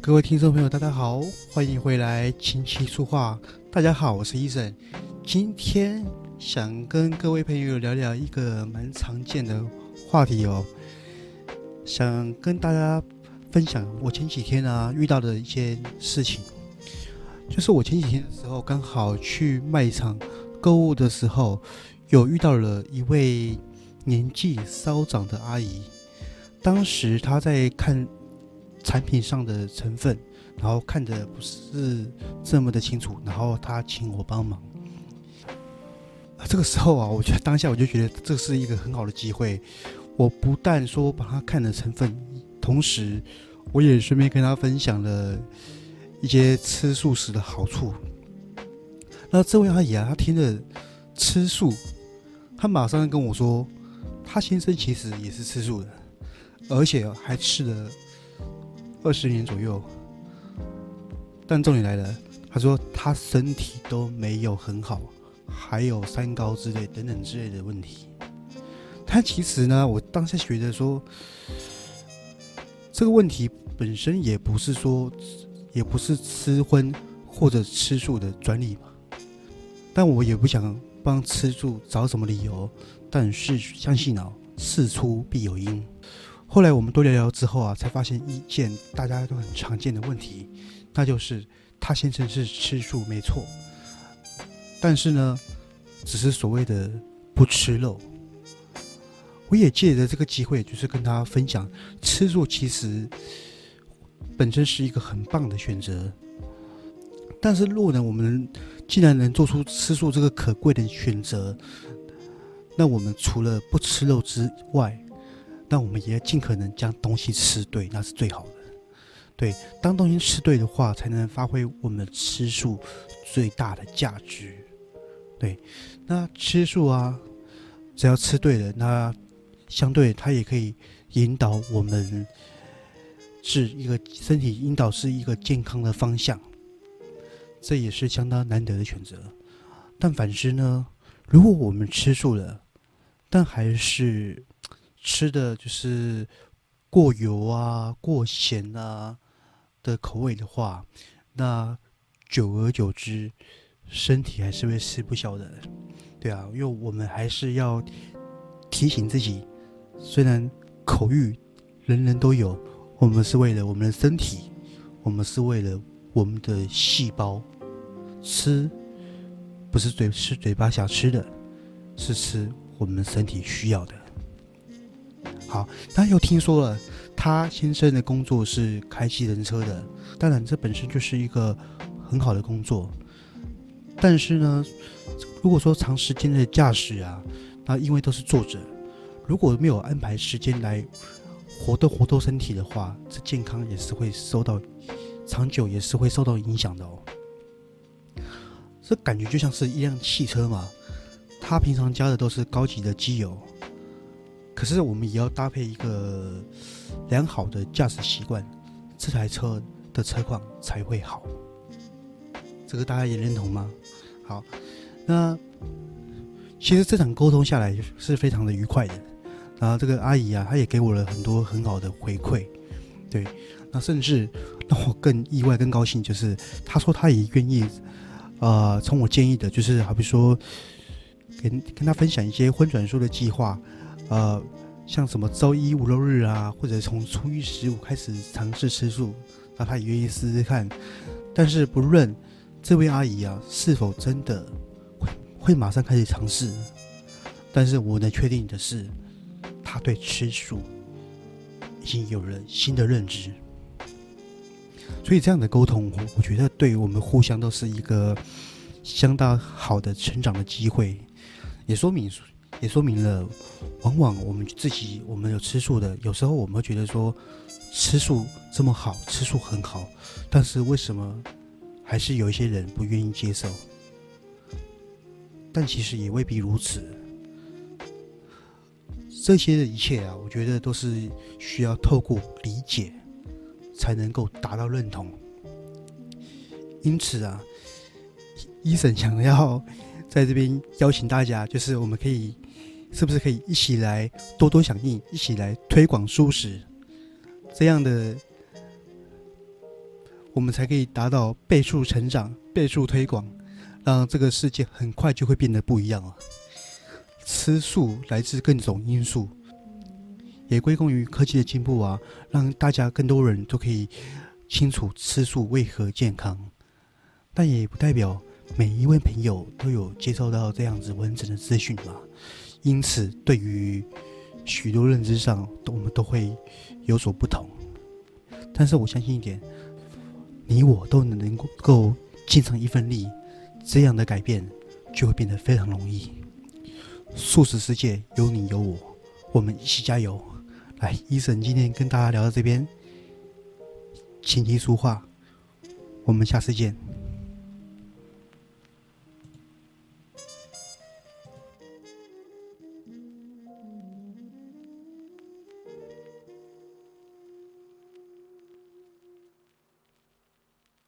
各位聽眾朋友，大家好，歡迎回來《琴棋書畫》。大家好，我是 Eason，今天想跟各位朋友聊聊一個蠻常見的話題哦，想跟大家分享我前幾天啊遇到的一些事情。就是我前幾天的時候，剛好去賣場購物的時候，有遇到了一位年紀稍長的阿姨。當時她在看產品上的成分，然後看的不是這麼的清楚，然後她請我幫忙。這個時候啊，我覺得當下我就覺得這是一個很好的機會。我不但說把她看的成分，同時我也順便跟她分享了。一些吃素食的好處。那這位阿姨啊，她聽了吃素，她馬上跟我說，她先生其實也是吃素的，而且還吃了二十年左右。但重點來了，她說她身體都沒有很好，還有三高之類等等之類的問題。她其實呢，我當下覺得說，這個問題本身也不是說。也不是吃葷或者吃素的專利嘛，但我也不想幫吃素找什麼理由，但是相信啊，事出必有因。後來我們多聊聊之後啊，才發現一件大家都很常見的問題，那就是他先生是吃素沒錯，但是呢，只是所謂的不吃肉。我也借着這個機會，就是跟他分享，吃素其實。本身是一個很棒的選擇，但是若呢？我們既然能做出吃素這個可貴的選擇，那我們除了不吃肉之外，那我們也要盡可能將東西吃對，那是最好的。對，當東西吃對的話，才能發揮我們吃素最大的價值。對，那吃素啊，只要吃對了，那相對它也可以引導我們。是一個身體引導，是一個健康的方向，這也是相當難得的選擇。但反之呢，如果我們吃素了，但還是吃的就是過油啊、過鹹啊的口味的話，那久而久之，身體還是會吃不消的。對啊，因為我們還是要提醒自己，雖然口慾人人都有。我們是為了我們的身體，我們是為了我們的細胞吃，不是嘴，是嘴巴想吃的，是吃我們身體需要的。好，他又聽說了，他先生的工作是開機人車的。當然，這本身就是一個很好的工作，但是呢，如果說長時間的駕駛啊，那因為都是坐着，如果沒有安排時間來。活動活動身體的話，這健康也是會受到，長久也是會受到影響的哦。這感覺就像是一輛汽車嘛，它平常加的都是高級的機油，可是我們也要搭配一個良好的駕駛習慣，這台車的車況才會好。這個大家也認同嗎？好，那其實這場溝通下來是非常的愉快的。然後這個阿姨啊，她也給我了很多很好的回饋，對，那甚至讓我更意外，更高興，就是她說她也願意，呃，從我建議的，就是好比說，跟跟她分享一些葷轉素的計劃，呃，像什麼週一、五六日啊，或者從初一十五開始嘗試吃素，那她也願意試試看。但是不論這位阿姨啊是否真的會會馬上開始嘗試，但是我能確定的是，他對吃素已經有了新的認知，所以這樣的溝通，我我覺得對於我們互相都是一個相當好的成長的機會，也說明也說明了，往往我們自己我們有吃素的，有時候我們會覺得說吃素這麼好，吃素很好，但是為什麼還是有一些人不願意接受？但其實也未必如此。這些的一切啊，我覺得都是需要透過理解才能夠達到認同。因此啊，醫生想要在這邊邀請大家，就是我們可以是不是可以一起來多多響應，一起來推廣蔬食，這樣的，我們才可以達到倍數成長、倍數推廣，讓這個世界很快就會變得不一樣了。吃素來自各種因素，也歸功於科技的進步啊，讓大家更多人都可以清楚吃素為何健康，但也不代表每一位朋友都有接受到這樣子完整的資訊嘛，因此對於許多認知上，我們都會有所不同。但是我相信一點，你我都能能夠盡上一份力，這樣的改變就會變得非常容易。素食世界有你有我，我們一起加油！來，醫生，今天跟大家聊到這邊，琴棋書畫，我們下次見。